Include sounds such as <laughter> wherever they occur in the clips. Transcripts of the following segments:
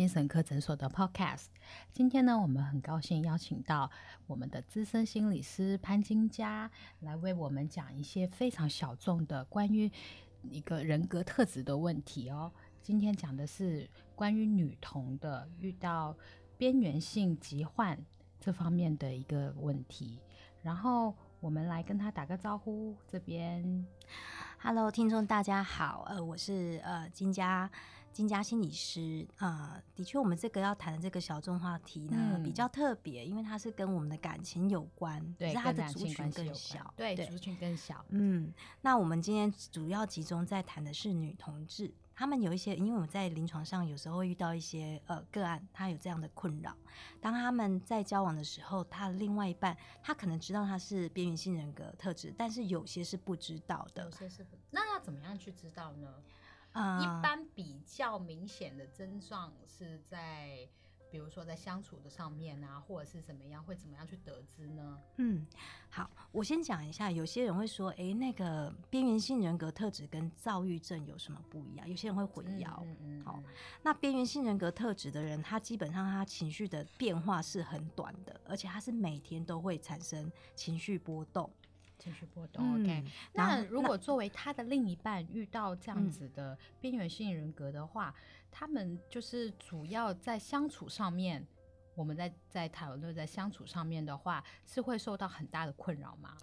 精神科診所的 Podcast，今天呢，我們很高興邀請到我們的資深心理師潘金嘉來為我們講一些非常小眾的關於一個人格特質的問題哦。今天講的是關於女同的遇到邊緣性疾患這方面的一個問題。然後我們來跟他打個招呼，這邊，Hello，聽眾大家好，呃，我是呃金嘉。金嘉心理師啊、嗯，的確，我們這個要談的這個小眾話題呢，比較特別、嗯，因為它是跟我們的感情有關，對，是它的族群更小，對，族群更小。嗯，那我們今天主要集中在談的是女同志，她們有一些，因為我們在臨床上有時候會遇到一些呃個案，她有這樣的困擾。當她們在交往的時候，她的另外一半，她可能知道她是邊緣性人格特質，但是有些是不知道的。有些是，那要怎麼樣去知道呢？嗯、一般比較明顯的症狀是在，比如說在相處的上面啊，或者是怎麼樣，會怎麼樣去得知呢？嗯，好，我先講一下，有些人會說，哎、欸，那個邊緣性人格特質跟躁鬱症有什麼不一樣？有些人會混淆。好，嗯、那邊緣性人格特質的人，他基本上他情緒的變化是很短的，而且他是每天都會產生情緒波動。情緒波動、嗯、，OK。那如果作為他的另一半，遇到這樣子的邊緣性人格的話、嗯，他們就是主要在相處上面，我們在在討論在相處上面的話，是會受到很大的困擾嗎？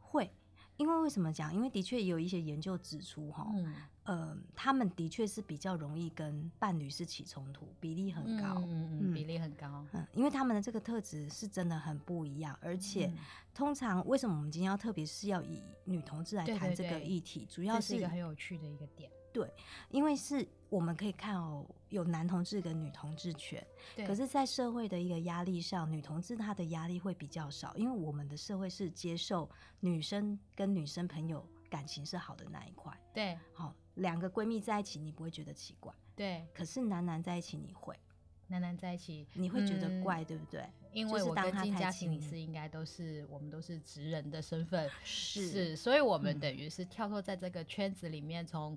會，因為為什麼講？因為的確有一些研究指出，哈、嗯。呃，他們的確是比較容易跟伴侶是起衝突，比例很高，嗯嗯嗯，嗯，比例很高，嗯，因為他們的這個特質是真的很不一樣，而且通常為什麼我們今天要特別是要以女同志來談這個議題，對對對，主要是，是一個很有趣的一個點，對，因為是我們可以看哦、喔，有男同志跟女同志權，對，可是，在社會的一個壓力上，女同志她的壓力會比較少，因為我們的社會是接受女生跟女生朋友感情是好的那一塊，對，好、喔。兩個閨蜜在一起，你不會覺得奇怪，對。可是男男在一起你會，男男在一起你會覺得怪、嗯，對不對？因為當我跟金嘉心理師應該都是、嗯、我們都是直人的身份，是，所以，我們等於是跳脫在這個圈子裡面，從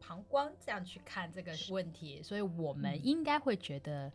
旁觀這樣去看這個問題，所以我們應該會覺得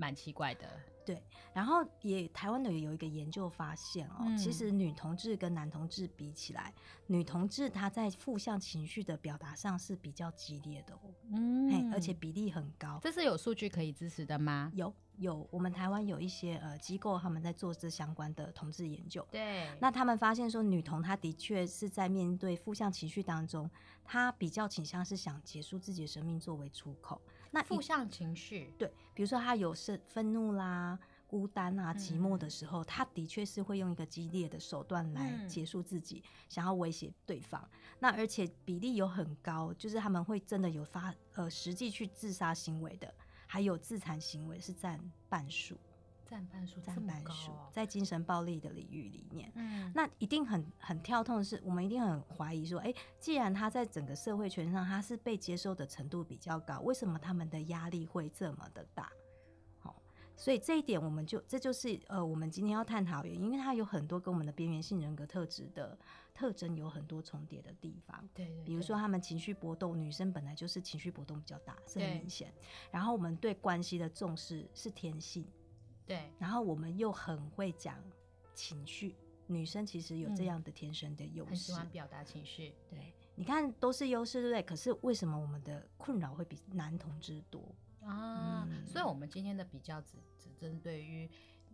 蠻奇怪的。對，然後也台灣的有一個研究發現哦、嗯，其實女同志跟男同志比起來，女同志她在負向情緒的表達上是比較激烈的、哦，嗯，而且比例很高。這是有數據可以支持的嗎？有有，我們台灣有一些呃機構他們在做這相關的同志研究，對，那他們發現說女同她的確是在面對負向情緒當中，她比較傾向是想結束自己的生命作為出口。那負向情緒，對，比如說他有是憤怒啦、孤單啊、寂寞的時候，嗯，他的確是會用一個激烈的手段來結束自己，嗯，想要威脅對方。那而且比例有很高，就是他們會真的有發呃實際去自殺行為的，還有自殘行為是占半數。佔半數，在精神暴力的領域裡面，嗯，那一定很很跳痛的是，我們一定很懷疑說，哎、欸，既然他在整個社會圈上他是被接受的程度比較高，為什麼他們的壓力會這麼的大？好、哦，所以這一點我們就這就是呃，我們今天要探討的原因，因為他有很多跟我們的邊緣性人格特質的特徵有很多重疊的地方，對，對，比如說他們情緒波動，女生本來就是情緒波動比較大，是很明顯，然後我們對關係的重視是天性。對，然後我們又很會講情緒，女生其實有這樣的天生的優勢，嗯，很喜歡表達情緒。對，你看都是優勢，對不對？可是為什麼我們的困擾會比男同志多啊，嗯？所以，我們今天的比較只只針對於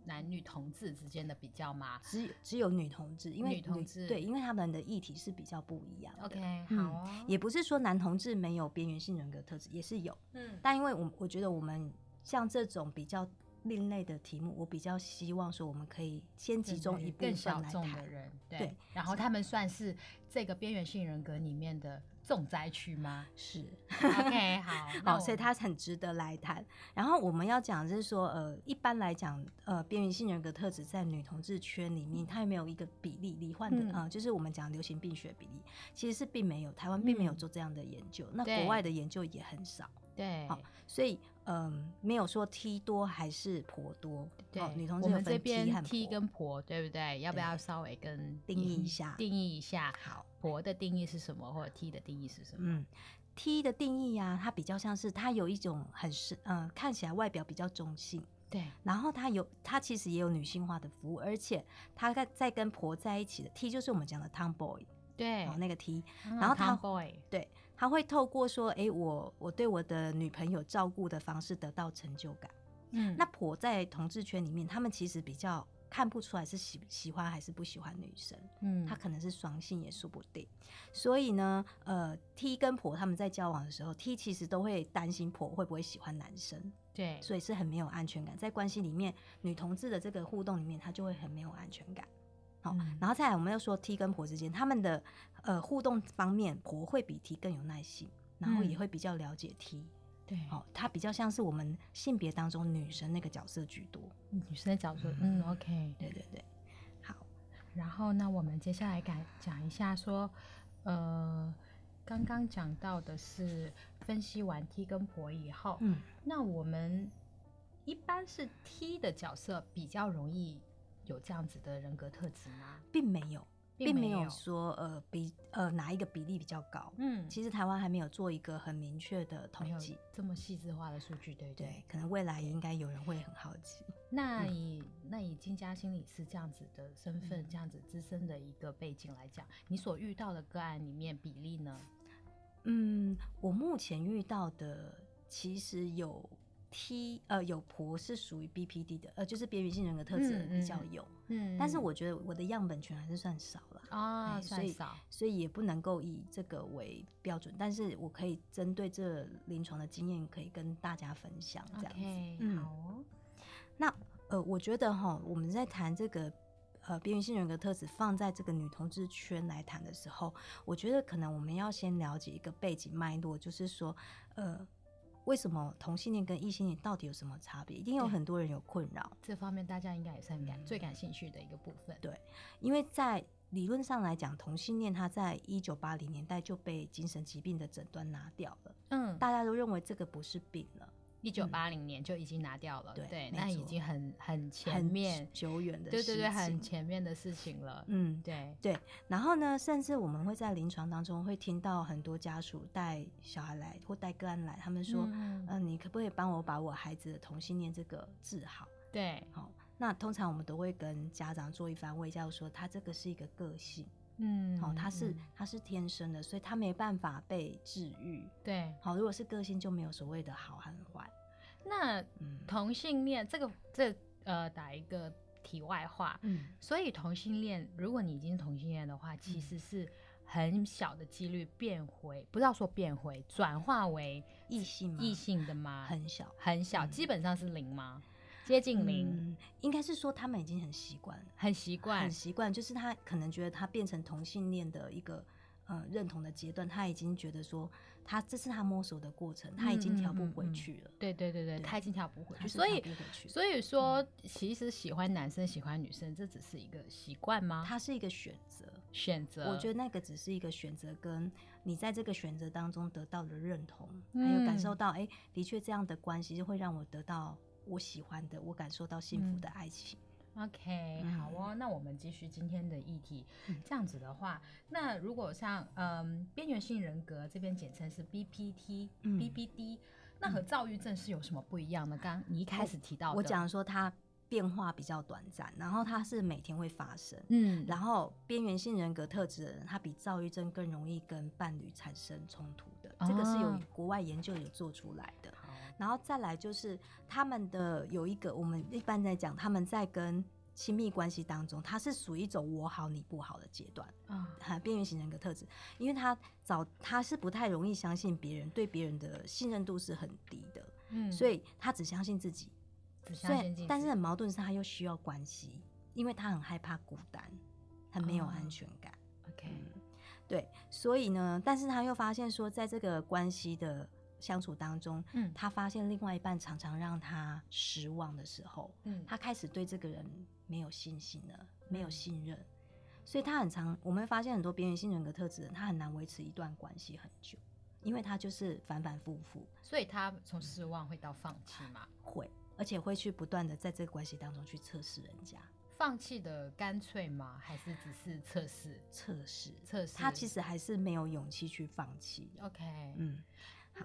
男女同志之間的比較嘛。只只有女同志，因為女，女同志對，因為他們的議題是比較不一樣。OK，嗯，好，哦，也不是說男同志沒有邊緣性人格的特質，也是有。嗯，但因為我我覺得我們像這種比較。另類的題目，我比較希望說，我們可以先集中一部分來談。對，對，對,的人對，對，然後他們算是這個邊緣性人格裡面的重災區嗎？是。OK，好，好，所以他很值得來談。然後我們要講就是說，呃，一般來講，呃，邊緣性人格特質在女同志圈裡面，他有沒有一個比例罹患的？啊、嗯呃，就是我們講流行病學比例，其實是並沒有。台灣並沒有做這樣的研究、嗯，那國外的研究也很少。對，好、哦，所以。嗯，沒有說 T 多還是婆多，對，哦、女同志有分 t，我們這邊 t 跟婆，對不對？對，要不要稍微跟定義一下？定義一下，好，婆的定義是什麼？或者 T 的定義是什麼？嗯，T 的定義呀，啊，它比較像是它有一種很是，嗯、呃，看起來外表比較中性，對，然後它有，它其實也有女性化的服務，而且它在在跟婆在一起的 T，就是我們講的 tomboy。對，然後那個 T，然後他、嗯，對，他會透過說，哎，我我對我的女朋友照顧的方式得到成就感。嗯，那婆在同志圈裡面，他們其實比較看不出來是喜喜歡還是不喜歡女生。嗯，他可能是雙性也說不定。所以呢，呃，T 跟婆他們在交往的時候，T 其實都會擔心婆會不會喜歡男生。對，所以是很沒有安全感，在關係裡面，女同志的這個互動裡面，他就會很沒有安全感。好，然後再來，我們要說 T 跟婆之間，他們的呃互動方面，婆會比 T 更有耐心，然後也會比較了解 T，嗯，對，哦，他比較像是我們性別當中女生那個角色居多。女生的角色，嗯，OK。對對對，好。然後那我們接下來講講一下，說，呃，剛剛講到的是分析完 T 跟婆以後，嗯，那我們一般是 T 的角色比較容易。有這樣子的人格特質嗎？並沒有，並沒有說呃比呃哪一個比例比較高。嗯，其實台灣還沒有做一個很明確的統計，這麼細緻化的數據，對不對？對。可能未來也應該有人會很好奇。嗯、那以那以金嘉心理師這樣子的身份，嗯、這樣子資深的一個背景來講，你所遇到的個案裡面比例呢？嗯，我目前遇到的其實有。T 呃，有婆是屬於 BPD 的，呃，就是邊緣性人格特質比較有嗯。嗯。但是我覺得我的樣本群還是算少了啊、哦欸，算少，所以也不能夠以這個為標準。但是我可以針對這臨床的經驗，可以跟大家分享這樣子。Okay, 嗯、哦。那呃，我覺得哈，我們在談這個呃邊緣性人格特質放在這個女同志圈來談的時候，我覺得可能我們要先了解一個背景脈絡，就是說呃。為什麼同性戀跟異性戀到底有什麼差別？一定有很多人有困擾。這方面大家應該也是很感、嗯、最感興趣的一個部分。對，因為在理論上來講，同性戀它在一九八零年代就被精神疾病的診斷拿掉了。嗯，大家都認為這個不是病了。一九八零年就已經拿掉了，嗯、對，對那已經很很前面，很久遠的事情，對對對，很前面的事情了。嗯，對對。然後呢，甚至我們會在臨床當中會聽到很多家屬帶小孩來或帶個案來，他們說：“嗯，呃、你可不可以幫我把我孩子的同性戀這個治好？”對，好、哦。那通常我們都會跟家長做一番衛教，叫說他這個是一個個性。嗯，好、哦，他是他是天生的，嗯，所以他沒辦法被治癒。對，好，如果是個性就沒有所謂的好和壞。那同性戀這個這個、呃打一個題外話，嗯，所以同性戀，如果你已經是同性戀的話，其實是很小的幾率變回，嗯，不知道說變回，轉化為異性，異性的嗎？很小，很小，嗯，基本上是零嗎？接近零、嗯，應該是說他們已經很習慣了，很習慣，很習慣。就是他可能覺得他變成同性戀的一個、呃、認同的階段，他已經覺得說他這是他摸索的過程，他已經調不回去了。對、嗯嗯嗯、對對對，已經調不回去了，所以所以說，其實喜歡男生、嗯、喜歡女生，這只是一個習慣嗎？他是一個選擇，選擇。我覺得那個只是一個選擇，跟你在這個選擇當中得到的認同、嗯，還有感受到，哎、欸，的確這樣的關係就會讓我得到，我喜歡的，我感受到幸福的愛情。嗯、OK，、嗯、好哦，那我們繼續今天的議題、嗯。這樣子的話，那如果像嗯邊緣性人格這邊簡稱是 BPT BBD、嗯、BBD，那和躁鬱症是有什麼不一樣的？剛剛你一開始提到的，我講說它變化比較短暫，然後它是每天會發生。嗯，然後邊緣性人格特質的人，他比躁鬱症更容易跟伴侶產生衝突的、哦，這個是由國外研究有做出來的。然後再來就是他們的有一個，我們一般在講他們在跟親密關係當中，他是屬於一種我好你不好的階段哈，Oh. 他邊緣型人格特質，因為他早他是不太容易相信別人，對別人的信任度是很低的，嗯，所以他只相信自己，只相信自己，所以但是很矛盾的是他又需要關係，因為他很害怕孤單，他沒有安全感，Oh. OK，嗯，對，所以呢，但是他又發現說在這個關係的。相處當中，嗯，他發現另外一半常常讓他失望的時候，嗯，他開始對這個人沒有信心了，沒有信任，嗯，所以他很常我們會發現很多邊緣性人格特質人，他很難維持一段關係很久，因為他就是反反復復，所以他從失望會到放棄嗎？嗯，會，而且會去不斷的在這個關係當中去測試人家，放棄的乾脆嗎？還是只是測試測試測試？他其實還是沒有勇氣去放棄。OK，嗯。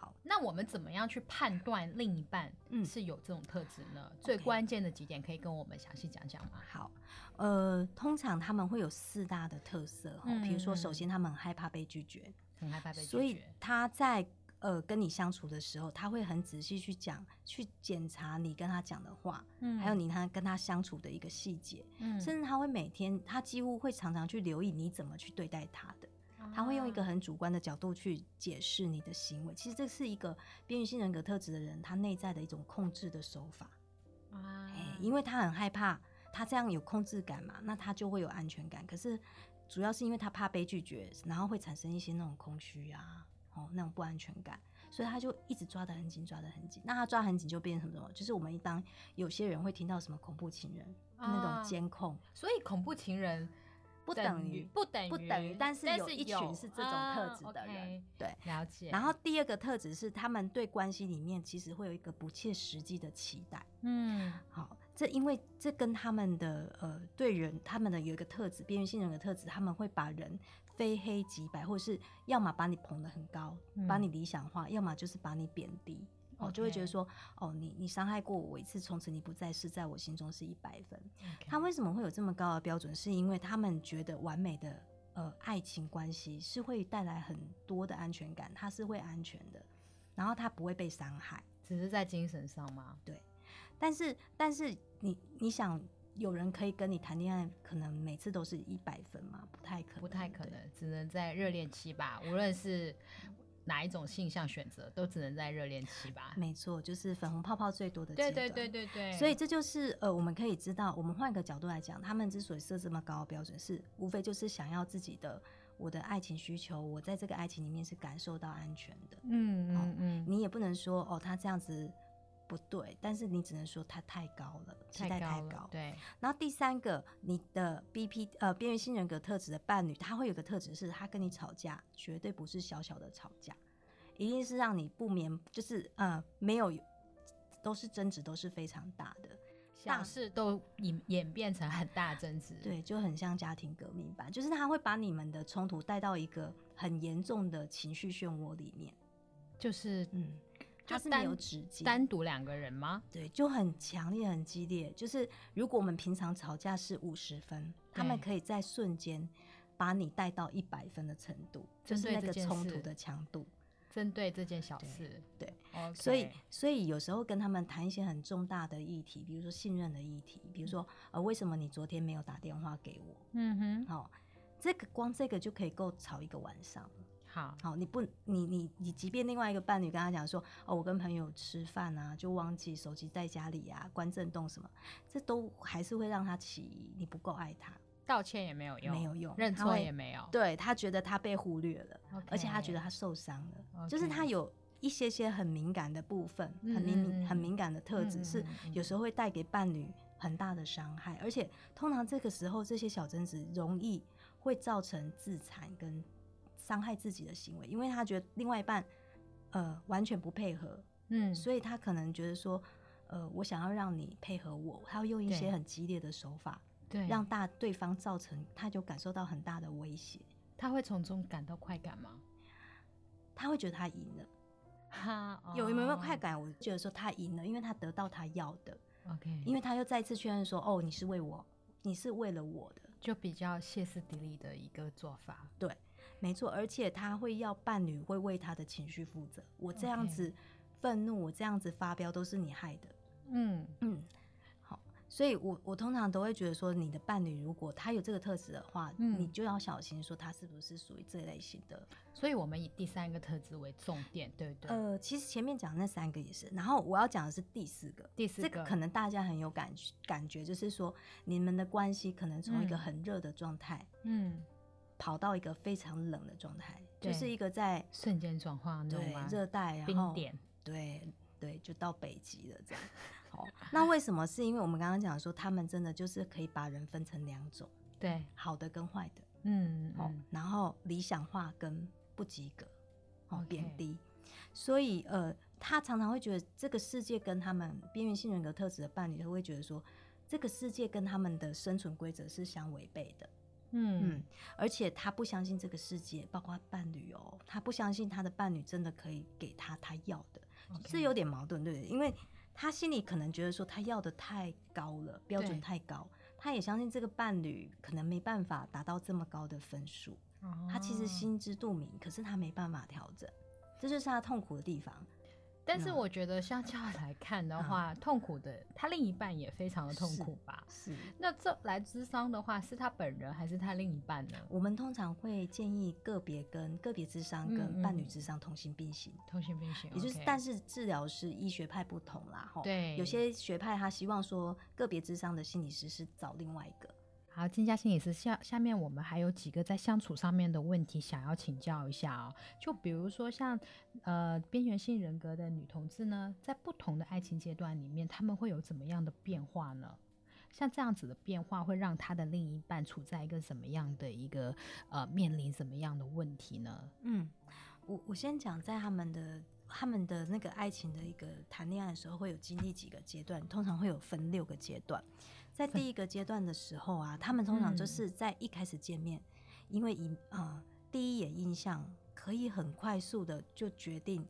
好，那我們怎麼樣去判斷另一半是有這種特質呢？嗯，最關鍵的幾點可以跟我們詳細講講嗎？好，呃，通常他們會有四大的特色哦。比如說，首先他們很害怕被拒絕，嗯，嗯，很害怕被拒絕，所以他在呃跟你相處的時候，他會很仔細去講，去檢查你跟他講的話，嗯，還有你看跟他相處的一個細節，嗯，甚至他會每天，他幾乎會常常去留意你怎麼去對待他的。他會用一個很主觀的角度去解釋你的行為，其實這是一個邊緣性人格特質的人，他內在的一種控制的手法，哎、啊欸，因為他很害怕，他這樣有控制感嘛，那他就會有安全感。可是主要是因為他怕被拒絕，然後會產生一些那種空虛啊，哦，那種不安全感，所以他就一直抓得很緊，抓得很緊。那他抓得很緊就變成什麼？就是我們一當有些人會聽到什麼恐怖情人、啊、那種監控，所以恐怖情人。不等於不等於不等於，但是有一群是這種特質的人，對，啊、okay, 了解。然後第二個特質是，他們對關係裡面其實會有一個不切實際的期待。嗯，好，這因為這跟他們的呃對人，他們的有一個特質，邊緣性人格特質，他們會把人非黑即白，或是要麼把你捧得很高，把你理想化，要麼就是把你貶低。嗯。哦、Okay，就會覺得說，哦，你你傷害過我，我一次，從此你不再是在我心中是一百分。Okay. 他為什麼會有這麼高的標準？是因為他們覺得完美的呃愛情關係是會帶來很多的安全感，他是會安全的，然後他不會被傷害，只是在精神上嗎？對，但是但是你你想，有人可以跟你談戀愛，可能每次都是一百分嗎？不太可能，不太可能，只能在熱戀期吧。無論是。哪一種性向選擇都只能在熱戀期吧？沒錯，就是粉紅泡泡最多的階段。對對對對,對,對。所以這就是呃，我們可以知道，我們換一個角度來講，他們之所以設這麼高的標準是，是無非就是想要自己的我的愛情需求，我在這個愛情裡面是感受到安全的。嗯好，嗯、哦、嗯。你也不能說哦，他這樣子。不對，但是你只能說他太高，太高了，期待太高。對。然後第三個，你的 BP 呃邊緣性人格特質的伴侶，他會有個特質是，他跟你吵架絕對不是小小的吵架，一定是讓你不眠，就是呃沒有都是爭執，都是非常大的，小事都演演變成很大爭執。對，就很像家庭革命般，就是他會把你們的衝突帶到一個很嚴重的情緒漩渦裡面，就是嗯。他，他是沒有止境，單獨兩個人嗎？對，就很強烈、很激烈。就是如果我們平常吵架是五十分，他們可以在瞬間把你帶到一百分的程度，對，就是那個衝突的強度。針對對這件小事，對，對 okay，所以所以有時候跟他們談一些很重大的議題，比如說信任的議題，比如說呃，為什麼你昨天沒有打電話給我？嗯哼，好，哦，這個光這個就可以夠吵一個晚上。好，好，你不，你你你，你即便另外一個伴侶跟他講說，哦，我跟朋友吃飯啊，就忘記手機在家裡啊，關震動什麼，這都還是會讓他起疑，你不夠愛他，道歉也沒有用，沒有用，認錯也沒有，他會，對，他覺得他被忽略了，okay. 而且他覺得他受傷了，okay. 就是他有一些些很敏感的部分，okay. 很敏、嗯、很敏感的特質、嗯，是有時候會帶給伴侶很大的傷害。嗯嗯嗯，而且通常這個時候這些小爭執容易會造成自殘跟。傷害自己的行為，因為他覺得另外一半，呃，完全不配合，嗯，所以他可能覺得說，呃，我想要讓你配合我，他會用一些很激烈的手法，對，讓大對方造成，他就感受到很大的威脅。他會從中感到快感嗎？他會覺得他贏了，哈，有、oh. 有沒有快感？我覺得說他贏了，因為他得到他要的，OK，因為他又再次確認說，哦，你是為我，你是為了我的，就比較歇斯底里的一個做法，對。沒錯，而且他會要伴侶會為他的情緒負責。我這樣子憤怒，Okay. 我這樣子發飆，都是你害的。嗯嗯，好，所以我我通常都會覺得說，你的伴侶如果他有這個特質的話，嗯，你就要小心說他是不是屬於這類型的。所以我們以第三個特質為重點，對不對？呃，其實前面講那三個也是，然後我要講的是第四個。第四個、這個、可能大家很有感感覺，就是說你們的關係可能從一個很熱的狀態，嗯。嗯跑到一個非常冷的狀態，就是一個在瞬間轉化那種，對，熱帶，然後冰點，對對，就到北極了這樣。哦， <laughs> 那為什麼？是因為我們剛剛講說，他們真的就是可以把人分成兩種，對，嗯、好的跟壞的，嗯嗯，嗯，然後理想化跟不及格，哦貶低，所以呃，他常常會覺得這個世界跟他們邊緣性人格特質的伴侶，他會覺得說，這個世界跟他們的生存規則是相違背的。嗯，而且他不相信這個世界，包括伴侶哦，他不相信他的伴侶真的可以給他他要的，Okay. 這有點矛盾，對，對，對。因為他心裡可能覺得說，他要的太高了，標準太高，他也相信這個伴侶可能沒辦法達到這麼高的分數。Oh. 他其實心知肚明，可是他沒辦法調整，這就是他痛苦的地方。但是我覺得相較來看的話，嗯、痛苦的他另一半也非常的痛苦吧。是，是那這來諮商的話，是他本人還是他另一半呢？我們通常會建議個別跟個別諮商跟伴侶諮商同心並行。嗯嗯同心並行，也就是，okay、但是治療師醫學派不同啦，吼，對，有些學派他希望說，個別諮商的心理師是找另外一個。好，金嘉欣也是下，下面我們還有幾個在相處上面的問題想要請教一下哦。就比如說像呃邊緣性人格的女同志呢，在不同的愛情階段裡面，他們會有怎麼樣的變化呢？像這樣子的變化會讓他的另一半處在一個什麼樣的一個呃面臨什麼樣的問題呢？嗯，我我先講，在他們的他們的那個愛情的一個談戀愛的時候，會有經歷幾個階段，通常會有分六個階段。在第一個階段的時候啊，他們通常就是在一開始見面，嗯、因為一，啊、呃、第一眼印象可以很快速的就決定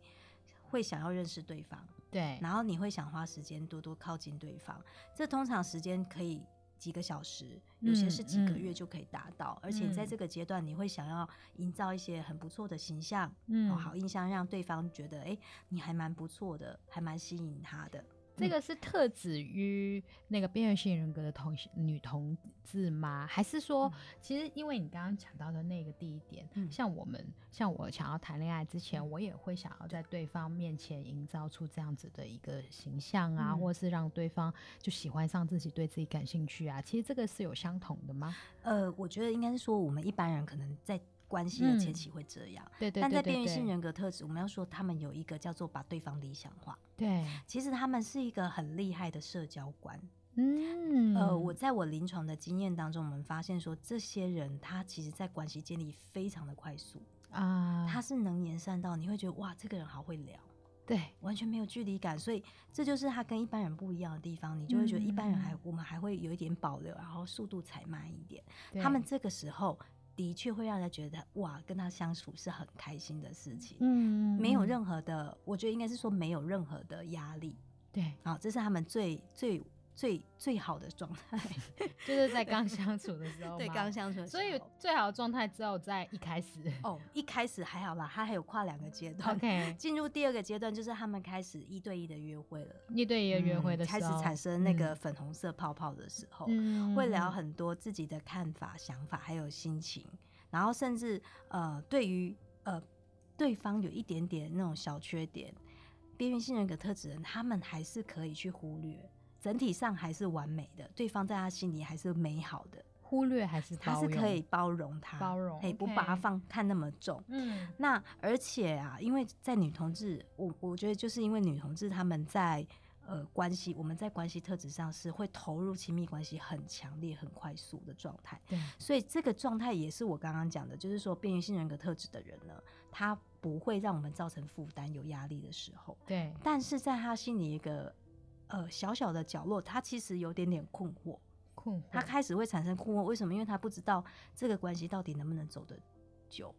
會想要認識對方。對。然後你會想花時間多多靠近對方，這通常時間可以幾個小時、嗯，有些是幾個月就可以達到、嗯。而且在這個階段，你會想要營造一些很不錯的形象，嗯、哦，好印象讓對方覺得誒、欸，你還蠻不錯的，還蠻吸引他的。嗯、這個是特指於那個邊緣性人格的同女同志嗎？還是說，嗯、其實因為你剛剛講到的那個第一點、嗯，像我們，像我想要談戀愛之前、嗯，我也會想要在對方面前營造出這樣子的一個形象啊，嗯、或是讓對方就喜歡上自己，對自己感興趣啊。其實這個是有相同的嗎？呃，我覺得應該是說，我們一般人可能在。關係的前期會這樣，嗯對對對對對，但在邊緣性人格特質對對對對，我們要說他們有一個叫做把對方理想化。對，其實他們是一個很厲害的社交官。嗯，呃，我在我臨床的經驗當中，我們發現說，這些人他其實在關係建立非常的快速啊，呃，他是能言善道，你會覺得哇，這個人好會聊。對，完全沒有距離感，所以這就是他跟一般人不一樣的地方。你就會覺得一般人還、嗯嗯、我們還會有一點保留，然後速度才慢一點。他們這個時候。的確會讓人覺得哇，跟他相處是很開心的事情，嗯，沒有任何的，嗯、我覺得應該是說沒有任何的壓力，對，好，這是他們最最。最最好的狀態， <laughs> 就是在剛相， <laughs> 相處的時候，對，剛相處，所以最好的狀態只有在一開始。哦、oh，一開始還好啦，他還有跨兩個階段。OK，進入第二個階段，就是他們開始一對一的約會了，一對一的約會的時候、嗯，開始產生那個粉紅色泡泡的時候，嗯、會聊很多自己的看法、想法，還有心情，然後甚至呃，對於呃對方有一點點那種小缺點，邊緣性人格特質人，他們還是可以去忽略。整體上還是完美的，對方在他心裡還是美好的，忽略還是他是可以包容他，包容誒，不把他放看那麼重。嗯，那而且啊，因為在女同志，我我覺得就是因為女同志他們在呃關係，我們在關係特質上是會投入親密關係很強烈、很快速的狀態。對，所以這個狀態也是我剛剛講的，就是說邊緣型人格特質的人呢，他不會讓我們造成負擔、有壓力的時候。對，但是在他心裡一個。呃，小小的角落，他其實有點點困惑，困惑。他開始會產生困惑，為什麼？因為他不知道這個關係到底能不能走得久。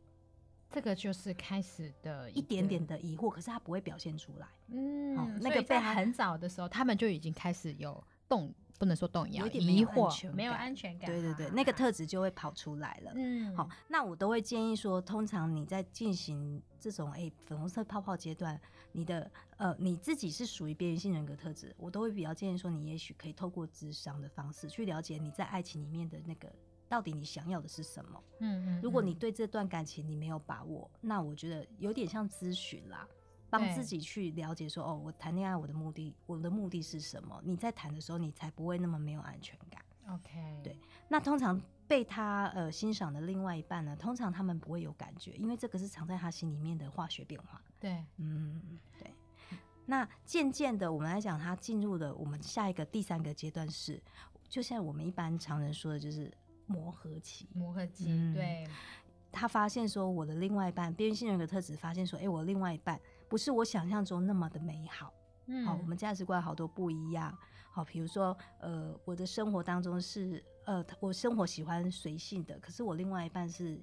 這個就是開始的一，一點點的疑惑，可是他不會表現出來。嗯，那個在很早的時候，他們就已經開始有動，不能說動搖，有點迷惑，沒有安全感。對對對、啊，那個特質就會跑出來了。嗯，好、哦，那我都會建議說，通常你在進行這種誒粉紅色泡泡階段。你的呃，你自己是屬於邊緣性人格特質，我都會比較建議說，你也許可以透過諮商的方式去了解你在愛情裡面的那個到底你想要的是什麼。嗯,嗯嗯，如果你對這段感情你沒有把握，那我覺得有點像諮詢啦，幫自己去了解說，哦，我談戀愛我的目的，我的目的是什麼？你在談的時候，你才不會那麼沒有安全感。OK，對，那通常。被他呃欣賞的另外一半呢，通常他們不會有感覺，因為這個是藏在他心裡面的化學變化。對，嗯，對。那漸漸的，我們來講，他進入了我們下一個第三個階段是，是就像我們一般常人說的，就是磨合期。磨合期，嗯、對。他發現說，我的另外一半邊緣性人格特質，發現說，哎、欸，我另外一半不是我想象中那麼的美好。嗯。好，我們價值觀好多不一樣。好，比如說，呃，我的生活當中是。呃，我生活喜歡隨性的，可是我另外一半是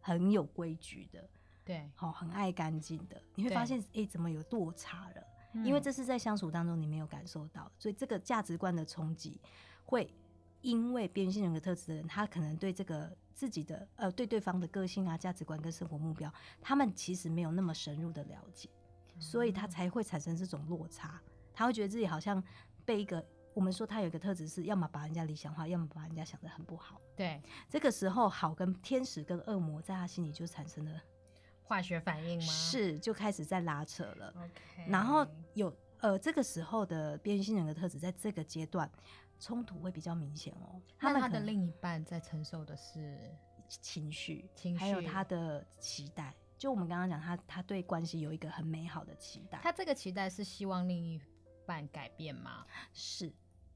很有規矩的，對，好、哦，很愛乾淨的。你會發現，誒、欸，怎麼有落差了、嗯？因為這是在相處當中你沒有感受到，所以這個價值觀的衝擊，會因為邊緣性人格特質的人，他可能對這個自己的呃，對,對對方的個性啊、價值觀跟生活目標，他們其實沒有那麼深入的了解，所以他才會產生這種落差，嗯、他會覺得自己好像被一個。我們說他有一個特質是，要麼把人家理想化，要麼把人家想得很不好。對，這個時候好跟天使跟惡魔在他心裡就產生了化學反應嗎？是，就開始在拉扯了。Okay，然後有呃，這個時候的邊緣人的特質在這個階段衝突會比較明顯哦。他那他的另一半在承受的是情緒，情緒，還有他的期待。就我們剛剛講他，他他對關係有一個很美好的期待。他這個期待是希望另一半改變嗎？是。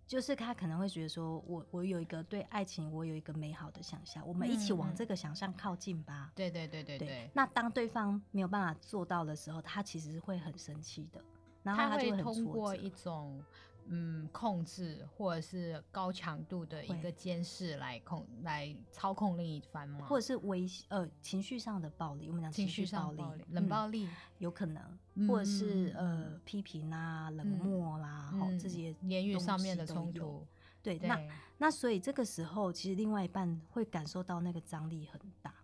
就是他可能會覺得說，我我有一個對愛情，我有一個美好的想象。嗯，我們一起往這個想象靠近吧。對對對對對，對，對。那當對方沒有辦法做到的時候，他其實會很生氣的，然後他就會，他會通過一種。嗯，控制或者是高強度的一個監視來控來操控另一方嗎？或者是微呃情緒上的暴力，我們講情緒暴、暴力、冷暴力，嗯、有可能，嗯、或者是呃批評啦、啊、冷漠啦，嗯哦、這些言語上面的衝突。對，那對那所以這個時候，其實另外一半會感受到那個張力很大。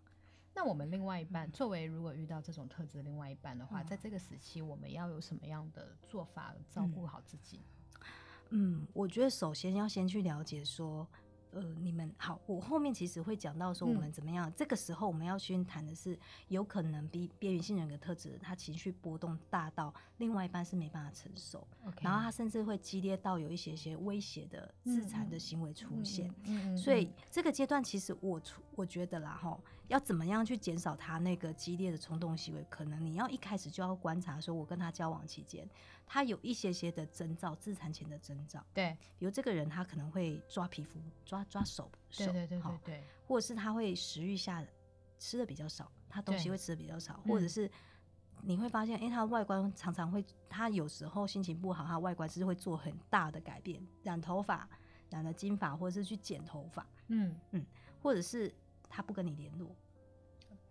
那我們另外一半作為，如果遇到這種特質的另外一半的話，嗯、在這個時期，我們要有什麼樣的做法，照顧好自己？嗯嗯，我覺得首先要先去了解說，呃，你們好，我後面其實會講到說我們怎麼樣、嗯。這個時候我們要先談的是，有可能比邊緣性人格特質，他情緒波動大到另外一半是沒辦法承受，Okay. 然後他甚至會激烈到有一些些威脅的、嗯、自殘的行為出現。嗯嗯嗯、所以這個階段其實我，我覺得啦哈。要怎麼樣去減少他那個激烈的衝動行為？可能你要一開始就要觀察，說我跟他交往期間，他有一些些的徵兆，自殘前的徵兆。對，比如這個人他可能會抓皮膚，抓抓手，手，對，對對對對對，或者是他會食慾下的，的吃的比較少，他東西會吃的比較少，或者是你會發現，因為他外觀常常會，他有時候心情不好，他外觀是會做很大的改變，染頭髮，染了金髮，或者是去剪頭髮，嗯嗯，或者是。他不跟你聯絡，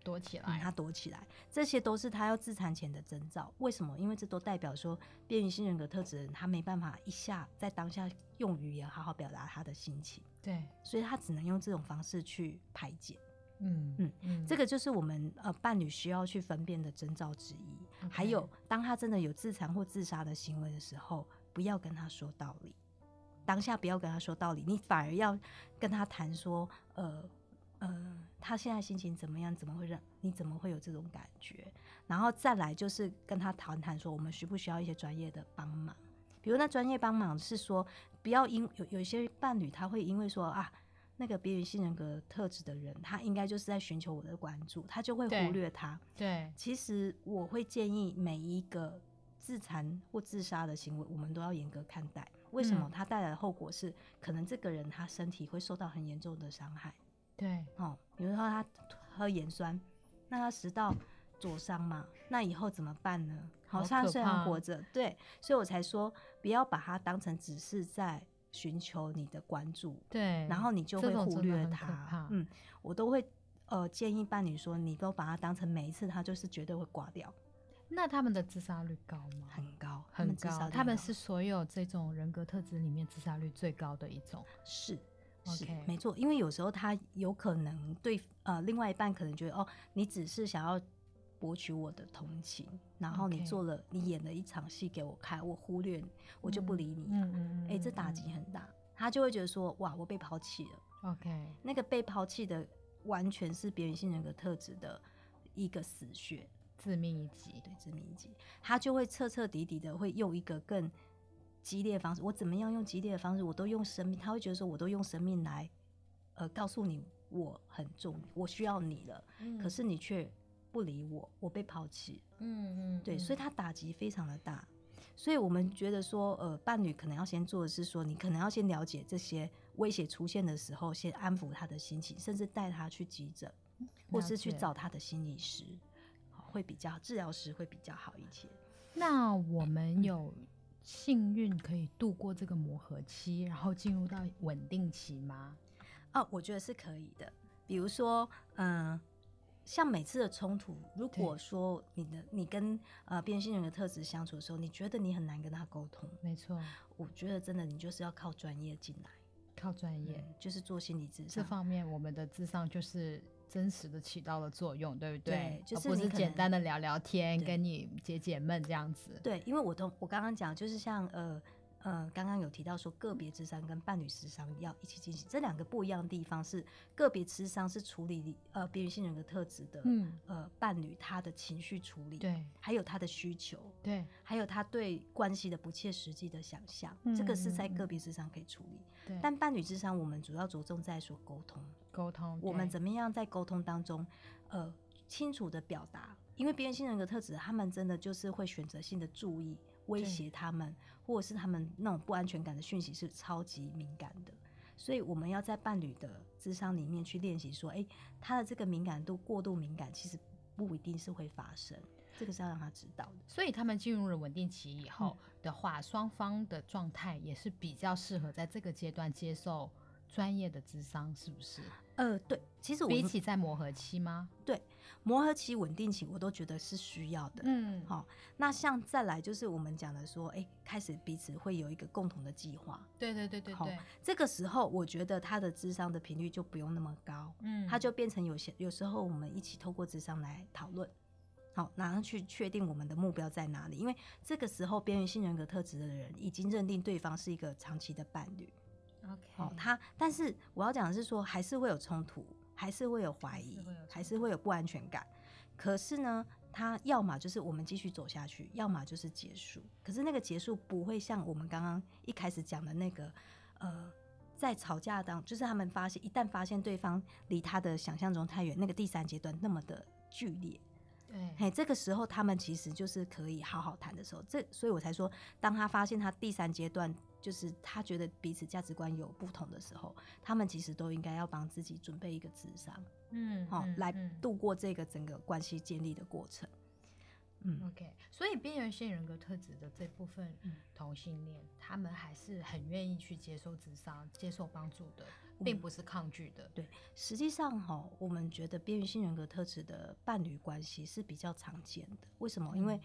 躲起來、嗯，他躲起來，這些都是他要自殘前的徵兆。為什麼？因為這都代表說，邊緣性人格特質的人，他沒辦法一下在當下用語言好好表達他的心情。對，所以他只能用這種方式去排解。嗯嗯,嗯，這個就是我們呃伴侶需要去分辨的徵兆之一、okay。還有，當他真的有自殘或自殺的行為的時候，不要跟他說道理，當下不要跟他說道理，你反而要跟他談說,他說呃。嗯、呃，他現在心情怎麼樣？怎麼會讓你怎麼會有這種感覺？然後再來就是跟他談談，說我們需不需要一些專業的幫忙。比如那專業幫忙是說，不要因有有一些伴侶，他會因為說啊，那個邊緣性人格特質的人，他應該就是在尋求我的關注，他就會忽略他。對，對其實我會建議每一個自殘或自殺的行為，我們都要嚴格看待。為什麼？他帶來的後果是、嗯，可能這個人他身體會受到很嚴重的傷害。對，哦，比如說他喝鹽酸，那他食道灼傷嘛，那以後怎麼辦呢？好像，他雖然活着，對，所以我才說不要把它當成只是在尋求你的關注，對，然後你就會忽略他，嗯，我都會呃建議伴侶說，你都把它當成每一次他就是絕對會掛掉。那他們的自殺率高嗎？很高，很高，他們，他們是所有這種人格特質裡面自殺率最高的一種，是。是，okay. 沒錯，因為有時候他有可能對呃，另外一半可能覺得哦，你只是想要博取我的同情，然後你做了，okay. 你演了一場戲給我看，我忽略我就不理你，啊，了，嗯。哎，嗯嗯嗯欸，這打擊很大，嗯嗯，他就會覺得說哇，我被拋棄了。OK，那個被拋棄的完全是邊緣性人格特質的一個死穴，致命一擊，對，致命一擊，他就會徹徹底底的會用一個更激烈的方式，我怎麼樣用激烈的方式，我都用生命，他會覺得說，我都用生命來，呃，告訴你我很重，我需要你了，嗯、可是你卻不理我，我被拋棄，嗯嗯，對，所以他打擊非常的大，所以我們覺得說，呃，伴侶可能要先做的是說，你可能要先了解這些威脅出現的時候，先安撫他的心情，甚至帶他去急診，或是去找他的心理師，會比較治療師會比較好一些。那我們有、嗯。幸運可以度過這個磨合期，然後進入到穩定期嗎？哦，我覺得是可以的。比如說，嗯、呃，像每次的衝突，如果說你的你跟呃邊緣人的特質相處的時候，你覺得你很難跟他溝通，沒錯。我覺得真的，你就是要靠專業進來，靠專業、嗯、就是做心理諮商。這方面，我們的諮商就是。真實的起到了作用，對不對？對，就是，而不是簡單的聊聊天，跟你解解悶這樣子。對，因為我同我剛剛講，就是像呃。呃，剛剛有提到說，個別諮商跟伴侶諮商要一起進行，這兩個不一樣的地方是，個別諮商是處理呃邊緣性人格特質的、嗯，呃，伴侶他的情緒處理，對，還有他的需求，對，還有他對關係的不切實際的想象，這個是在個別諮商可以處理，對、嗯嗯嗯，但伴侶諮商我們主要着重在說溝通，溝通，我們怎麼樣在溝通當中，呃，清楚的表達，因為邊緣性人格特質，他們真的就是會選擇性的注意。威脅他們，或者是他們那種不安全感的訊息是超級敏感的，所以我們要在伴侶的諮商裡面去練習，說，哎、欸，他的這個敏感度過度敏感，其實不一定是會發生，這個是要讓他知道的，所以他們進入了穩定期以後的話，嗯、雙方的狀態也是比較適合在這個階段接受。專業的諮商，是不是？呃，對，其實我比起在磨合期嗎？對，磨合期、穩定期，我都覺得是需要的。嗯，好、哦，那像再來就是我們講的說，哎、欸，開始彼此會有一個共同的計劃。對對對對對。好、哦，這個時候我覺得他的諮商的頻率就不用那麼高，嗯，他就變成有些有時候我們一起透過諮商來討論，好、哦，然後去確定我們的目標在哪裡。因為這個時候邊緣性人格特質的人已經認定對方是一個長期的伴侶。好、okay. 哦，他但是我要講的是說，還是會有衝突，還是會有懷疑，還是會有衝突，還是會有不安全感。可是呢，他要麼就是我們繼續走下去，要麼就是結束。可是那個結束不會像我們剛剛一開始講的那個，呃，在吵架當，就是他們發現一旦發現對方離他的想象中太遠，那個第三階段那麼的劇烈，對，嘿，這個時候他們其實就是可以好好談的時候。這，所以我才說，當他發現他第三階段。就是他覺得彼此價值觀有不同的時候，他們其實都應該要幫自己準備一個諮商，嗯，好、嗯、來度過這個整個關係建立的過程。嗯，OK，所以邊緣性人格特質的這部分、嗯、同性戀，他們還是很願意去接受諮商、接受幫助的，並不是抗拒的。嗯、對，實際上哈，我們覺得邊緣性人格特質的伴侶關係是比較常見的。為什麼？因為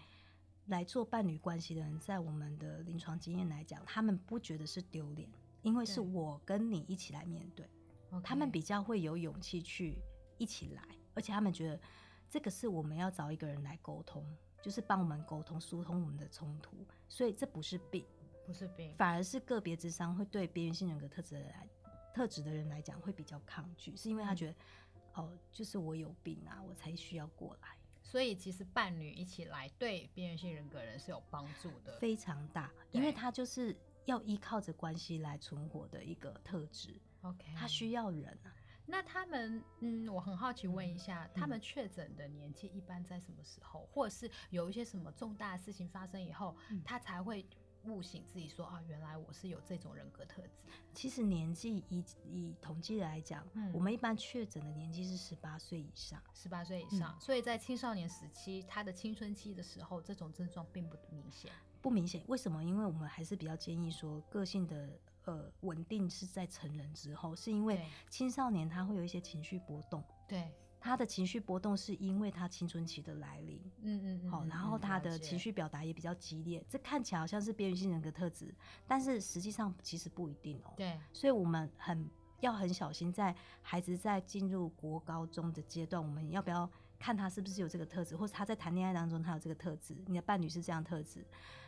來做伴侶關係的人，在我們的臨床經驗來講，他們不覺得是丟臉，因為是我跟你一起來面對，對他們比較會有勇氣去一起來，okay. 而且他們覺得這個是我們要找一個人來溝通，就是幫我們溝通、疏通我們的衝突，所以這不是病，不是病，反而是個別諮商會對邊緣性人格特質的人來特質的人來講會比較抗拒，是因為他覺得、嗯、哦，就是我有病啊，我才需要過來。所以其實伴侶一起來對邊緣性人格人是有幫助的，非常大，因為他就是要依靠着關係來存活的一個特質。OK，他需要人啊。那他們，嗯，我很好奇問一下，嗯，他們確診的年紀一般在什麼時候？嗯，或者是有一些什麼重大的事情發生以後，嗯，他才會？悟醒自己說，啊，原來我是有這種人格特質。其實年紀以以統計來講，嗯，我們一般確診的年紀是十八歲以上，十八歲以上，嗯。所以在青少年時期，他的青春期的時候，這種症狀並不明顯，不明顯。為什麼？因為我們還是比較建議說，個性的呃穩定是在成人之後，是因為青少年他會有一些情緒波動，對。對他的情緒波動是因為他青春期的來臨，嗯嗯好、嗯喔，然後他的情緒表達也、嗯嗯、也比較激烈，這看起來好像是邊緣性人格特質，但是實際上其實不一定哦、喔。對，所以我們很要很小心，在孩子在進入國高中的階段，我們要不要看他是不是有這個特質，或者他在談戀愛當中他有這個特質？你的伴侶是這樣特質，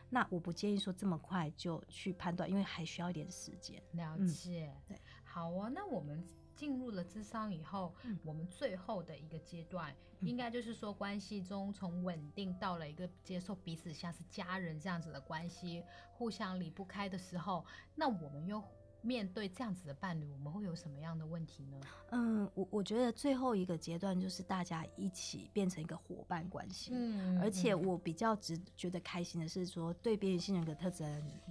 那我不建議說這麼快就去判斷，因為還需要一點時間了解、嗯。對，好啊、哦，那我們。進入了諮商以後、嗯，我們最後的一個階段，嗯、應該就是說關係中從穩定到了一個接受彼此像是家人這樣子的關係，互相離不開的時候，那我們又面對這樣子的伴侶，我們會有什麼樣的問題呢？嗯，我我覺得最後一個階段就是大家一起變成一個夥伴關係，嗯，而且我比較直覺得開心的是說，嗯、對邊緣性人格特徵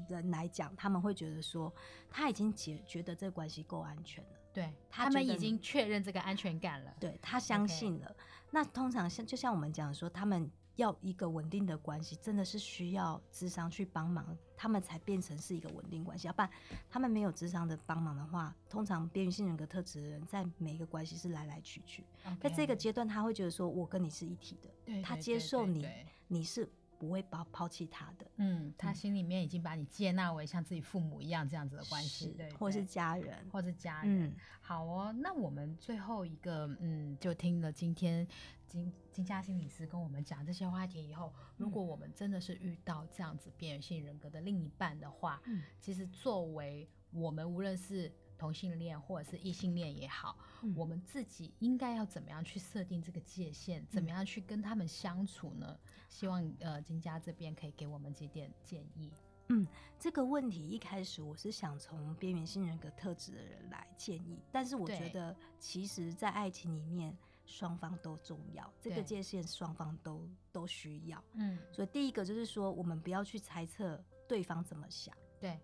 人來講，他們會覺得說他已經覺覺得這關係夠安全了。對他,他們已經確認這個安全感了，對他相信了。Okay. 那通常像就像我們講的說，他們要一個穩定的關係，真的是需要諮商去幫忙，他們才變成是一個穩定關係。要不然，他們沒有諮商的幫忙的話，通常邊緣性人格特質的人在每一個關係是來來去去。Okay. 在這個階段，他會覺得說，我跟你是一體的，對對對對對對他接受你，你是。不會拋拋棄他的，嗯，他心裡面已經把你接納為像自己父母一樣這樣子的關係，對對，或是家人，或是家人、嗯。好哦，那我們最後一個，嗯，就聽了今天金金嘉心理師跟我們講這些話題以後、嗯，如果我們真的是遇到這樣子邊緣性人格的另一半的話，嗯、其實作為我們無論是。同性戀或者是異性戀也好，嗯，我們自己應該要怎麼樣去設定這個界限？怎麼樣去跟他們相處呢？嗯，希望呃金嘉這邊可以給我們幾點建議。嗯，這個問題一開始我是想從邊緣性人格特質的人來建議，但是我覺得其實在愛情裡面雙方都重要，這個界限雙方都都需要。嗯，所以第一個就是說，我們不要去猜測對方怎麼想。對。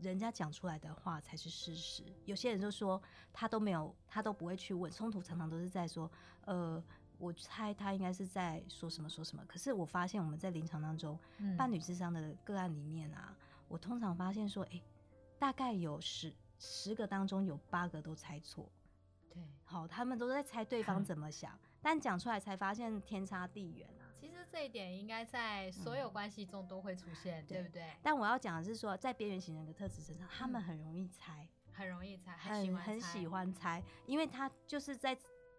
人家講出來的話才是事實。有些人就說他都沒有，他都不會去問。衝突常常都是在說，呃，我猜他應該是在說什麼說什麼。可是我發現我們在臨床當中，嗯、伴侶諮商的個案裡面啊，我通常發現說，誒、欸，大概有十十個當中有八個都猜錯。對，好，他們都在猜對方怎麼想，但講出來才發現天差地遠。其實這一點應該在所有關係中都會出現，嗯、對不對？對，但我要講的是說，在邊緣型人格特質身上，嗯，他們很容易猜，很容易猜，很很喜歡猜，很喜歡猜，因為他就是在。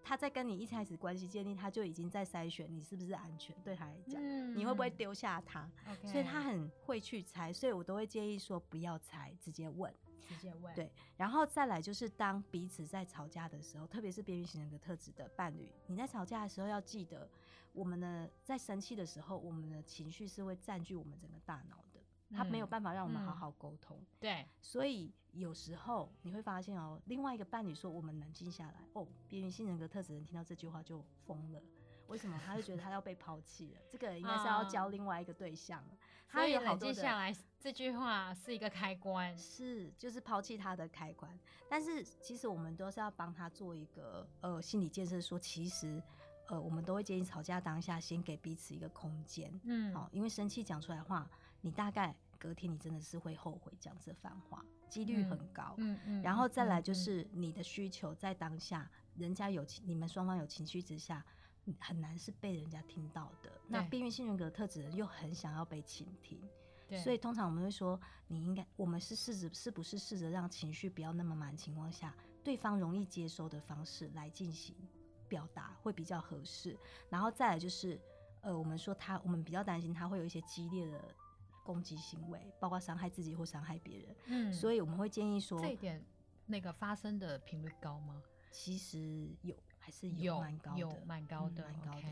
他在跟你一開始關係建立，他就已經在篩選你是不是安全，對他來講，嗯，你會不會丟下他，OK。所以他很會去猜，所以我都會建議說不要猜，直接問，直接問，對，然後再來就是當彼此在吵架的時候，特別是邊緣型人格特質的伴侶，你在吵架的時候要記得，我們的在生氣的時候，我們的情緒是會佔據我們整個大腦的。他沒有辦法讓我們好好溝通，嗯嗯，對，所以有時候你會發現哦，另外一個伴侶說“我們冷靜下來”，哦，邊緣性人格特質人聽到這句話就瘋了，為什麼？他就覺得他要被拋棄了， <laughs> 這個應該是要交另外一個對象。哦、所以冷靜下來這句話是一個開關，是就是拋棄他的開關。但是其實我們都是要幫他做一個呃心理建設，說其實呃我們都會建議吵架當下先給彼此一個空間，嗯，好、哦，因為生氣講出來話。你大概隔天，你真的是會後悔講這番話，幾率很高。嗯嗯，嗯。然後再來就是你的需求在當下，嗯嗯、人家有你們雙方有情緒之下，很難是被人家聽到的。那邊緣性人格的特質人又很想要被傾聽。對。所以通常我們會說，你應該，我們是試着，是不是試着讓情緒不要那麼滿情況下，對方容易接收的方式來進行表達會比較合適。然後再來就是，呃，我們說他，我們比較擔心他會有一些激烈的。攻擊行為，包括傷害自己或傷害別人，嗯，所以我們會建議說這點，那個發生的頻率高嗎？其實有，還是有蠻高的，蠻高的，蠻、嗯、高的。Okay、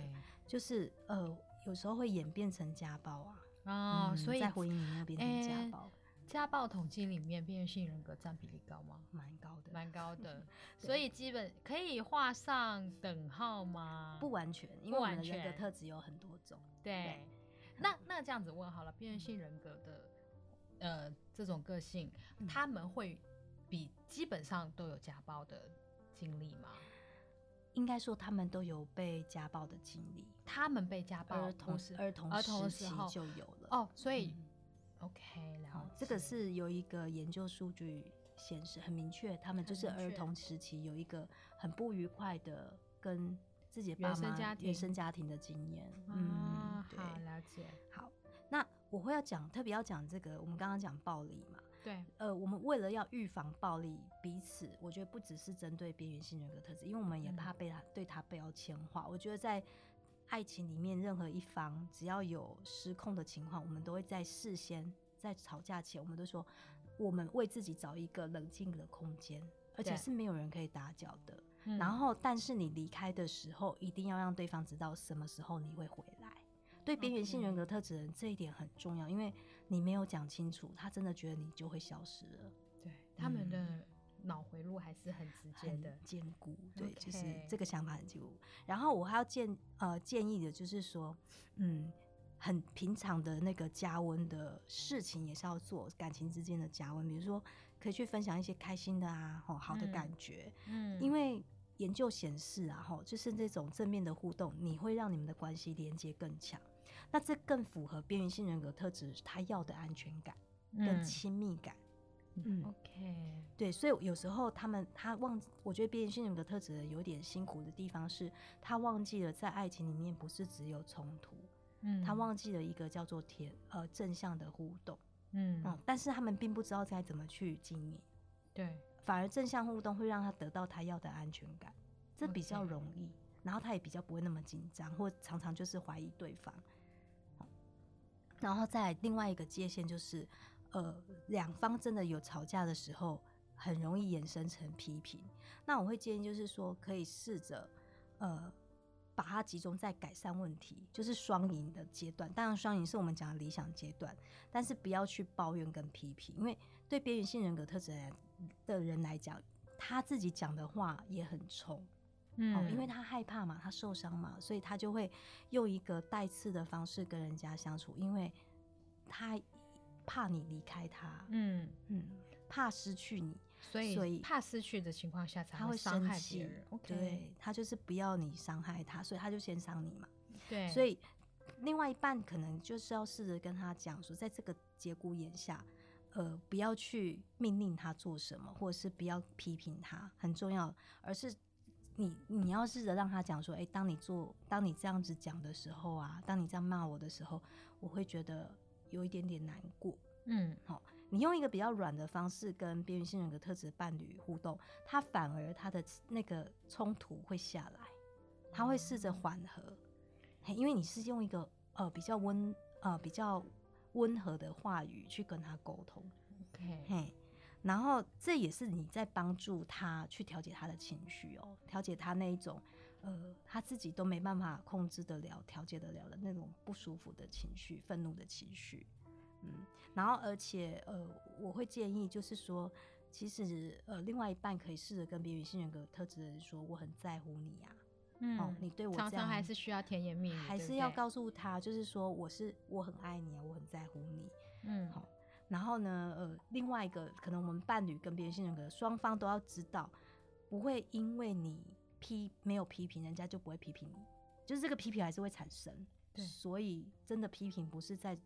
就是呃，有時候會演變成家暴啊，啊、哦嗯，所以在婚姻裡面變成家暴，欸、家暴統計裡面，邊緣性人格佔比例高嗎？蠻高的，蠻高的，嗯。所以基本可以畫上等號嗎？不完全，因為我們的人格特質有很多種，對。那那這樣子問好了，邊緣性人格的，呃，這種個性，他們會比基本上都有家暴的經歷嗎？應該說他們都有被家暴的經歷，他們被家暴，兒童兒童時兒童時期就有了。哦，所以，嗯，OK，然後，這個是有一個研究數據顯示很明確，他們就是兒童時期有一個很不愉快的跟。自己的原生家庭，原生家庭的經驗，啊，嗯，對，好，了解。好，那我會要講，特別要講這個，我們剛剛講暴力嘛，對，呃，我們為了要預防暴力，彼此，我覺得不只是針對邊緣性人格特質，因為我們也怕被他、嗯、對他被要牽化。我覺得在愛情裡面，任何一方只要有失控的情況，我們都會在事先，在吵架前，我們都說，我們為自己找一個冷靜的空間，而且是沒有人可以打攪的。然後，但是你離開的時候，一定要讓對方知道什麼時候你會回來。對邊緣性人格的特質人這一點很重要，因為你沒有講清楚，他真的覺得你就會消失了。對，他們的腦回路還是很直接的、嗯、堅固。對，okay. 就是這個想法很堅固。然後我還要建呃建議的就是說，嗯，很平常的那個加溫的事情也是要做，感情之間的加溫，比如說可以去分享一些開心的啊，哦，好的感覺，嗯，嗯因為。研究顯示啊，哈，就是這種正面的互動，你會讓你們的關係連接更強。那這更符合邊緣性人格特質他要的安全感、跟親密感。嗯，嗯，OK，對，所以有時候他們他忘，我覺得邊緣性人格特質有點辛苦的地方是，他忘記了在愛情裡面不是只有衝突，嗯，他忘記了一個叫做甜呃正向的互動，嗯，嗯，但是他們並不知道該怎麼去經營，對。反而正向互動會讓他得到他要的安全感，這比較容易，okay. 然後他也比較不會那麼緊張，或常常就是懷疑對方。好，然後在另外一個界限就是，呃，兩方真的有吵架的時候，很容易衍生成批評。那我會建議就是說，可以試着，呃，把它集中在改善問題，就是雙贏的階段。當然，雙贏是我們講的理想階段，但是不要去抱怨跟批評，因為對邊緣性人格特徵。的人來講，他自己講的話也很衝，嗯、哦，因為他害怕嘛，他受傷嘛，所以他就會用一個帶刺的方式跟人家相處，因為他怕你離開他，嗯，嗯，怕失去你，所以所以怕失去的情況下才他會傷害別人，對、okay，他就是不要你傷害他，所以他就先傷你嘛，對，所以另外一半可能就是要試着跟他講說，在這個節骨眼下。呃，不要去命令他做什麼，或者是不要批評他，很重要。而是你你要試着讓他講說，誒、欸，當你做，當你這樣子講的時候啊，當你這樣罵我的時候，我會覺得有一點點難過。嗯，好，你用一個比較軟的方式跟邊緣性人格特質伴侶互動，他反而他的那個衝突會下來，他會試着緩和、欸，因為你是用一個呃比較溫呃比較。溫和的話語去跟他溝通，OK，嘿，然後這也是你在幫助他去調節他的情緒哦，調節他那一種，呃，他自己都沒辦法控制得了、調節得了的那種不舒服的情緒、憤怒的情緒，嗯，然後而且呃，我會建議就是說，其實呃，另外一半可以試着跟邊緣性人格特質的人說，我很在乎你呀！、啊。哦、嗯，你對我常常還是需要甜言蜜語，還是要告訴他，就是說我是，我很愛你，我很在乎你。嗯，好、哦。然後呢，呃，另外一個可能我們伴侶跟邊緣性人格雙方都要知道，不會因為你批沒有批評人家就不會批評你，就是這個批評還是會產生。對，所以真的批評不是在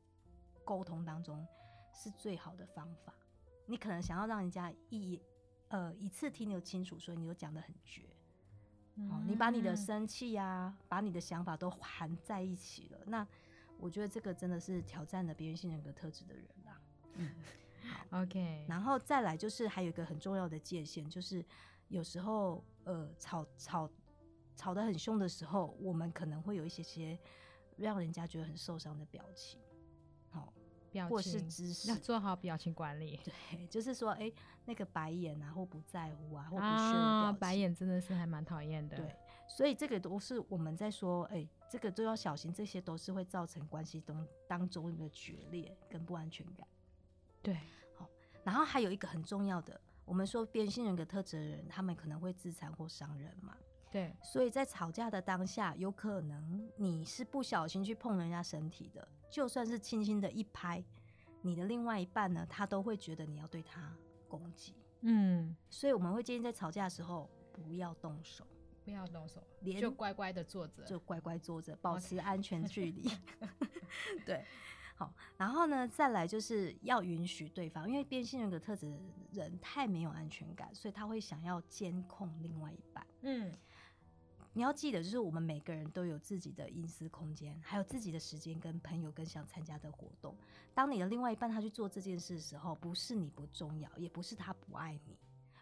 溝通當中是最好的方法。你可能想要讓人家一、呃一次聽你就清楚，所以你就講的很絕。哦，你把你的生氣呀、啊，把你的想法都含在一起了。那我覺得這個真的是挑戰了邊緣性人格特質的人啦。嗯，OK。然後再來就是還有一個很重要的界限，就是有時候呃吵吵吵得很凶的時候，我們可能會有一些些讓人家覺得很受傷的表情。或是知識要做好表情管理。對，就是說，哎、欸，那個白眼啊，或不在乎啊，啊或不屑的表情，白眼真的是還蠻討厭的。對，所以這個都是我們在說，哎、欸，這個都要小心，這些都是會造成關係中當中的決裂跟不安全感。對，好，然後還有一個很重要的，我們說邊緣性人格特質的人，他們可能會自殘或傷人嘛。對，所以在吵架的當下，有可能你是不小心去碰人家身體的，就算是輕輕的一拍，你的另外一半呢，他都會覺得你要對他攻擊。嗯，所以我們會建議在吵架的時候不要動手，不要動手，連就乖乖的坐着，就乖乖坐着，保持安全距離。Okay. <laughs> <laughs> 對，好，然後呢，再來就是要允許對方，因為邊緣型人格特質人太沒有安全感，所以他會想要監控另外一半。嗯。你要記得，就是我們每個人都有自己的隱私空間，還有自己的時間跟朋友跟想參加的活動。當你的另外一半他去做這件事的時候，不是你不重要，也不是他不愛你，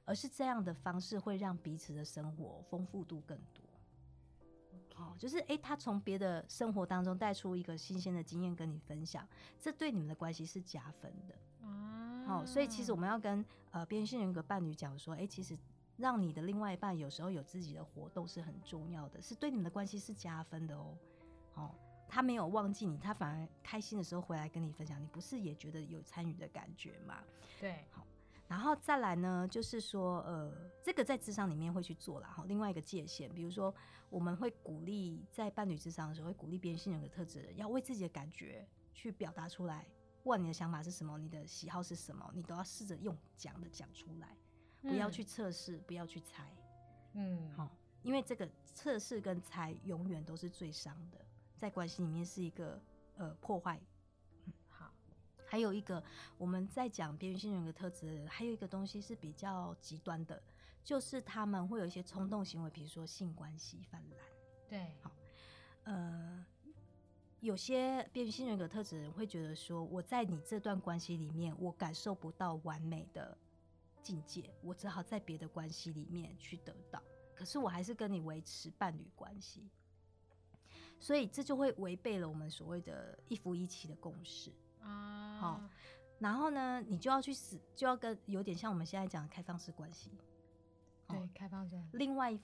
而是這樣的方式會讓彼此的生活豐富度更多。好、okay. 哦，就是哎、欸，他從別的生活當中帶出一個新鮮的經驗跟你分享，這對你們的關係是加分的。Uh. 哦，所以其實我們要跟呃邊緣性人格伴侶講說，哎、欸，其實。讓你的另外一半有時候有自己的活動是很重要的，是對你們的關係是加分的哦。哦，他沒有忘記你，他反而開心的時候回來跟你分享，你不是也覺得有參與的感覺嗎？對，好，然後再來呢，就是說，呃，這個在諮商裡面會去做啦。好，另外一個界限，比如說，我們會鼓勵在伴侶諮商的時候，會鼓勵邊緣型人格特質人要為自己的感覺去表達出來。問你的想法是什麼，你的喜好是什麼，你都要試着用講的講出來。不要去測試、嗯，不要去猜，嗯，好，因為這個測試跟猜永遠都是最傷的，在關係裡面是一個呃破壞。嗯，好，還有一個我們在講邊緣性人格特質，還有一個東西是比較極端的，就是他們會有一些衝動行為、嗯，比如說性關係氾濫。對，好、嗯，呃，有些邊緣性人格特質的人會覺得說，我在你這段關係裡面，我感受不到完美的境界，我只好在別的關係裡面去得到，可是我還是跟你維持伴侶關係，所以這就會違背了我們所謂的“一夫一妻”的共識，好、uh... 哦，然後呢，你就要去死，就要跟有點像我們現在講的開放式關係、uh... 哦，對，開放式，另外，一。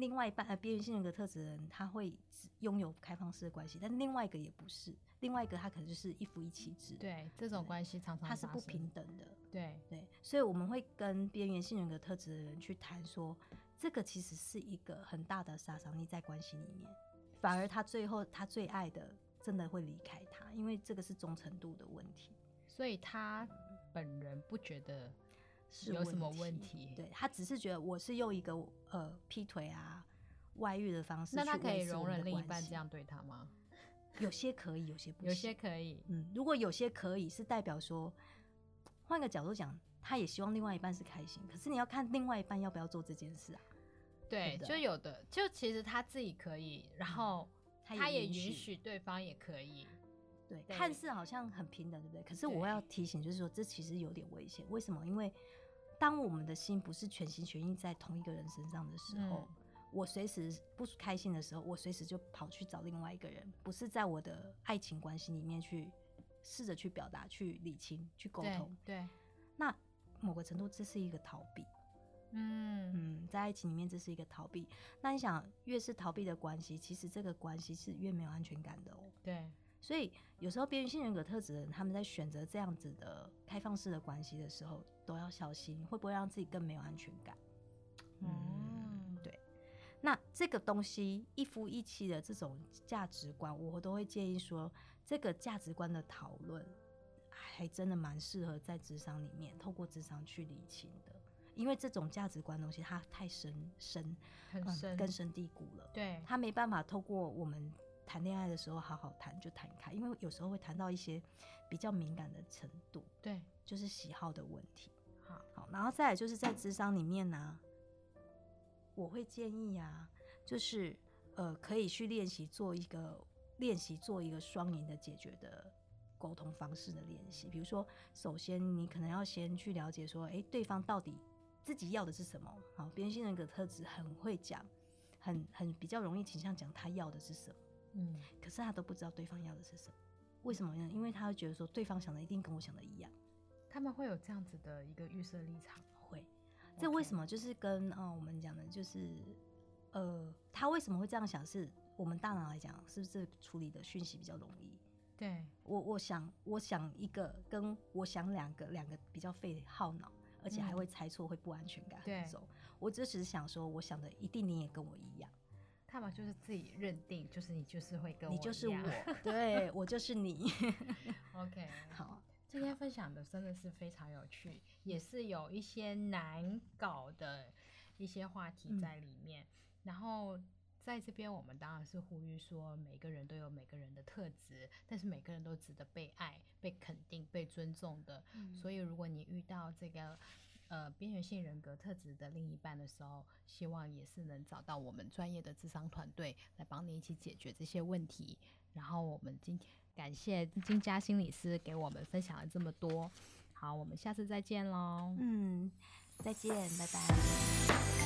另外一半，呃，邊緣性人格特質的人，他會擁有開放式的關係，但另外一個也不是，另外一個他可能就是一夫一妻制。對，這種關係常常他是不平等的。對對，所以我們會跟邊緣性人格特質的人去談說，這個其實是一個很大的殺傷力在關係裡面，反而他最後他最愛的真的會離開他，因為這個是忠誠度的問題。所以他本人不覺得是有什麼問題？對，他只是覺得我是用一個呃劈腿啊、外遇的方式的。那他可以容忍另一半這樣對他嗎？ <laughs> 有些可以，有些不行，有些可以。嗯，如果有些可以，是代表說，換個角度講，他也希望另外一半是開心。可是你要看另外一半要不要做這件事啊？對，對就有的，就其實他自己可以，然後他也允許、嗯、對方也可以對。對，看似好像很平等，對不對？可是我要提醒，就是說這其實有點危險。為什麼？因為當我們的心不是全心全意在同一個人身上的時候，嗯，我隨時不開心的時候，我隨時就跑去找另外一個人，不是在我的愛情關係裡面去試着去表達、去理清、去溝通。對，對，那某個程度這是一個逃避，嗯嗯，在愛情裡面這是一個逃避。那你想，越是逃避的關係，其實這個關係是越沒有安全感的哦。對。所以有時候邊緣性人格特質的人，他們在選擇這樣子的開放式的關係的時候，都要小心，會不會讓自己更沒有安全感？嗯，嗯對。那這個東西一夫一妻的這種價值觀，我都會建議說，這個價值觀的討論，還真的蠻適合在職場裡面，透過職場去理清的，因為這種價值觀東西它太深深很深嗯、根深蒂固了，對，它沒辦法透過我們。談戀愛的時候好好談就談開，因為有時候會談到一些比較敏感的程度。對，就是喜好的問題。好，然後再來就是在諮商裡面呢、啊，我會建議啊，就是呃可以去練習做一個練習做一個雙贏的解決的溝通方式的練習。比如說，首先你可能要先去了解說，誒、欸，對方到底自己要的是什麼？好，邊緣型人格特質很會講，很很比較容易傾向講他要的是什麼。嗯，可是他都不知道對方要的是什麼，為什麼呢？因為他會覺得說，對方想的一定跟我想的一樣，他們會有這樣子的一個預設立場，會。這為什麼就是跟啊我們講的，就、okay. 是呃，他為什麼會這樣想是？是我們大腦來講，是不是處理的訊息比較容易？對。我，我想，我想一個，跟我想兩個，兩個比較費耗腦，而且還會猜錯，會不安全感、嗯、很重、對。我這只是想說，我想的一定你也跟我一樣。看吧，就是自己認定，就是你就是會跟我一樣，你就是我， <laughs> 對我就是你。 <laughs> OK，好，今天分享的真的是非常有趣，也是有一些難搞的一些話題在裡面。嗯、然後在這邊，我們當然是呼籲說，每個人都有每個人的特質，但是每個人都值得被愛、被肯定、被尊重的。嗯、所以，如果你遇到這個，呃，邊緣型人格特質的另一半的時候，希望也是能找到我們專業的智商團隊來幫你一起解決這些問題。然後我們今天感謝金嘉心理師給我們分享了這麼多。好，我們下次再見嘍。嗯，再見，拜拜。拜拜。